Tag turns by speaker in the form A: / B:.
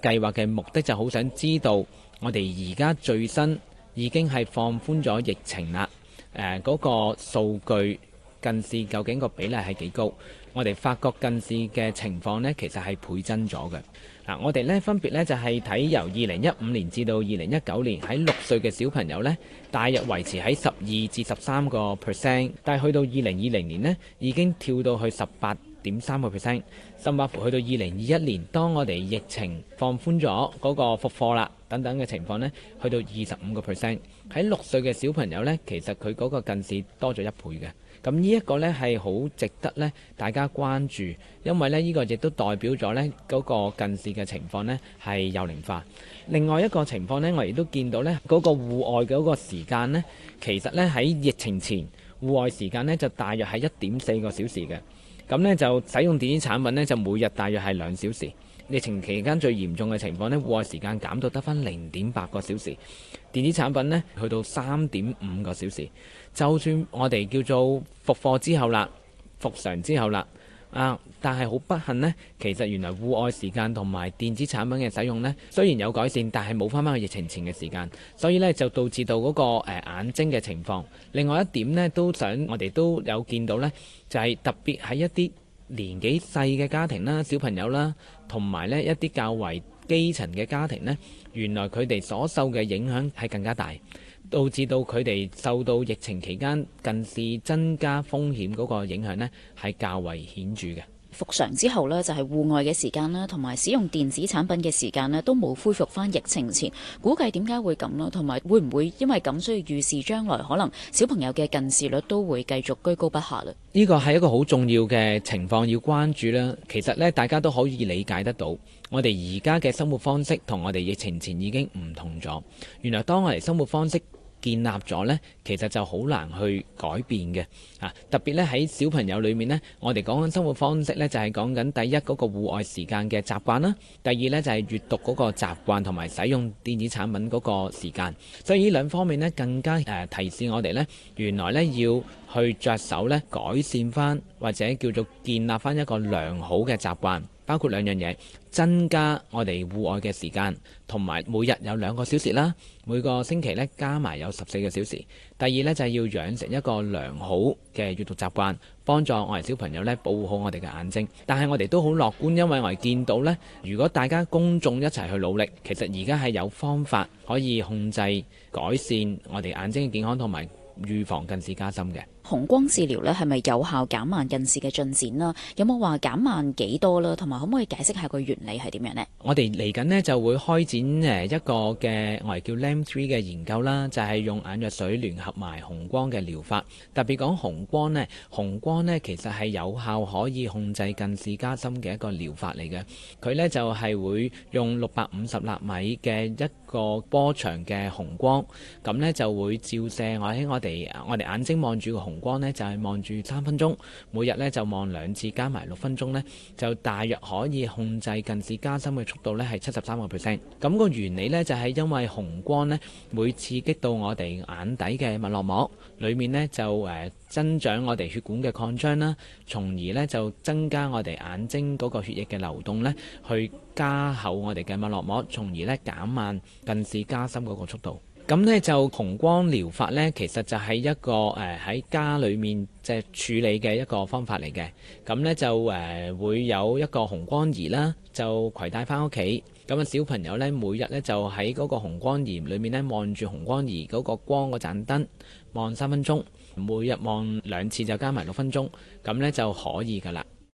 A: 計劃嘅目的就好想知道，我哋而家最新已經係放寬咗疫情啦。嗰、呃嗰個數據近視究竟個比例係幾高？我哋發覺近視嘅情況呢，其實係倍增咗嘅。嗱、啊，我哋呢分別呢，就係、是、睇由二零一五年至到二零一九年，喺六歲嘅小朋友呢，大約維持喺十二至十三個 percent，但係去到二零二零年呢，已經跳到去十八點三個 percent。甚至乎去到二零二一年，當我哋疫情放寬咗嗰個復課啦等等嘅情況呢，去到二十五個 percent。喺六歲嘅小朋友呢，其實佢嗰個近視多咗一倍嘅。咁呢一個呢，係好值得呢大家。關注，因為呢呢個亦都代表咗呢嗰個近視嘅情況呢係幼齡化。另外一個情況呢，我亦都見到呢嗰個戶外嘅嗰個時間呢，其實呢喺疫情前戶外時間呢就大約係一點四個小時嘅。咁呢就使用電子產品呢，就每日大約係兩小時。疫情期間最嚴重嘅情況呢，戶外時間減到得返零點八個小時，電子產品呢，去到三點五個小時。就算我哋叫做復課之後啦，復常之後啦。啊！但係好不幸呢，其實原來戶外時間同埋電子產品嘅使用呢，雖然有改善，但係冇翻返去疫情前嘅時間，所以呢就導致到嗰個，呃，眼睛嘅情況。另外一點呢，都想我哋都有見到呢，就係特別喺一啲年紀細嘅家庭啦、小朋友啦，同埋呢一啲較為基層嘅家庭呢，原來佢哋所受嘅影響係更加大。導致到佢哋受到疫情期間近視增加風險嗰個影響呢，係較
B: 為顯著嘅。復常之後呢，就係戶外嘅時間啦，同埋使用電子產品嘅時間呢，都冇恢復翻疫情前。估計點解會咁啦？同埋會唔會因為咁需要預示將來可能小朋友嘅近視率都會繼續居高不下呢？
A: 呢個係一個好重要嘅情況要關注啦。其實呢，大家都可以理解得到，我哋而家嘅生活方式同我哋疫情前已經唔同咗。原來當我哋生活方式建立咗呢，其實就好難去改變嘅啊。特別呢喺小朋友裏面呢，我哋講緊生活方式呢，就係講緊第一嗰個戶外時間嘅習慣啦。第二呢，就係閱讀嗰個習慣同埋使用電子產品嗰個時間。所以呢兩方面呢，更加誒提示我哋呢，原來呢要去着手呢，改善翻或者叫做建立翻一個良好嘅習慣。包括兩樣嘢，增加我哋戶外嘅時間，同埋每日有兩個小時啦，每個星期呢加埋有十四個小時。第二呢，就係要養成一個良好嘅閱讀習慣，幫助我哋小朋友呢保護好我哋嘅眼睛。但係我哋都好樂觀，因為我哋見到呢，如果大家公眾一齊去努力，其實而家係有方法可以控制改善我哋眼睛嘅健康同埋預防近視加深嘅。
B: 紅光治療咧係咪有效減慢近視嘅進展啦？有冇話減慢幾多啦？同埋可唔可以解釋下個原理係點樣呢？
A: 我哋嚟緊咧就會開展誒一個嘅我哋叫 Lamb Three 嘅研究啦，就係、是、用眼藥水聯合埋紅光嘅療法。特別講紅光呢，紅光咧其實係有效可以控制近視加深嘅一個療法嚟嘅。佢呢就係會用六百五十納米嘅一個波長嘅紅光，咁呢就會照射喺我哋我哋眼睛望住個紅光呢就係望住三分鐘，每日呢就望兩次，加埋六分鐘呢就大約可以控制近視加深嘅速度呢係七十三個 percent。咁個原理呢就係因為紅光呢會刺激到我哋眼底嘅脈絡膜，裡面呢就誒增長我哋血管嘅擴張啦，從而呢就增加我哋眼睛嗰個血液嘅流動呢去加厚我哋嘅脈絡膜，從而呢減慢近視加深嗰個速度。咁呢就紅光療法呢，其實就係一個誒喺、呃、家裏面即係處理嘅一個方法嚟嘅。咁呢就誒、呃、會有一個紅光儀啦，就攜帶返屋企。咁啊小朋友呢，每日呢就喺嗰個紅光儀裏面呢，望住紅光儀嗰個光嗰盞燈望三分鐘，每日望兩次就加埋六分鐘，咁呢就可以噶啦。